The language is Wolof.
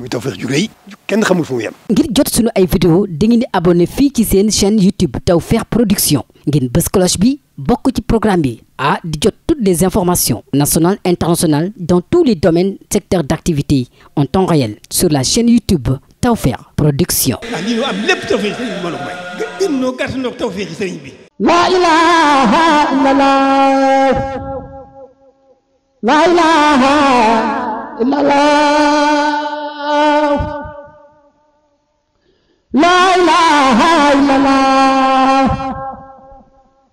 muy Tawfekh ju rëy kenn xamul fu mu yem. ngir jot sunu ay vidéo dangeen di abonné fii ci seen chaîne YouTube Tawfekh Production ngeen bës cloche bi bokk ci programme bi ah di jot toutes les informations nationales internationales dans tous les domaines secteurs d'activité en temps réel sur la chaîne YouTube Tawfekh Production. ah lii ñu am lépp Tawfekh sëriñ bi mbooloo mooy. gën gën ñoo gàtt ñoo Tawfekh sëriñ bi. la ilaha illallah la ilaha illallah.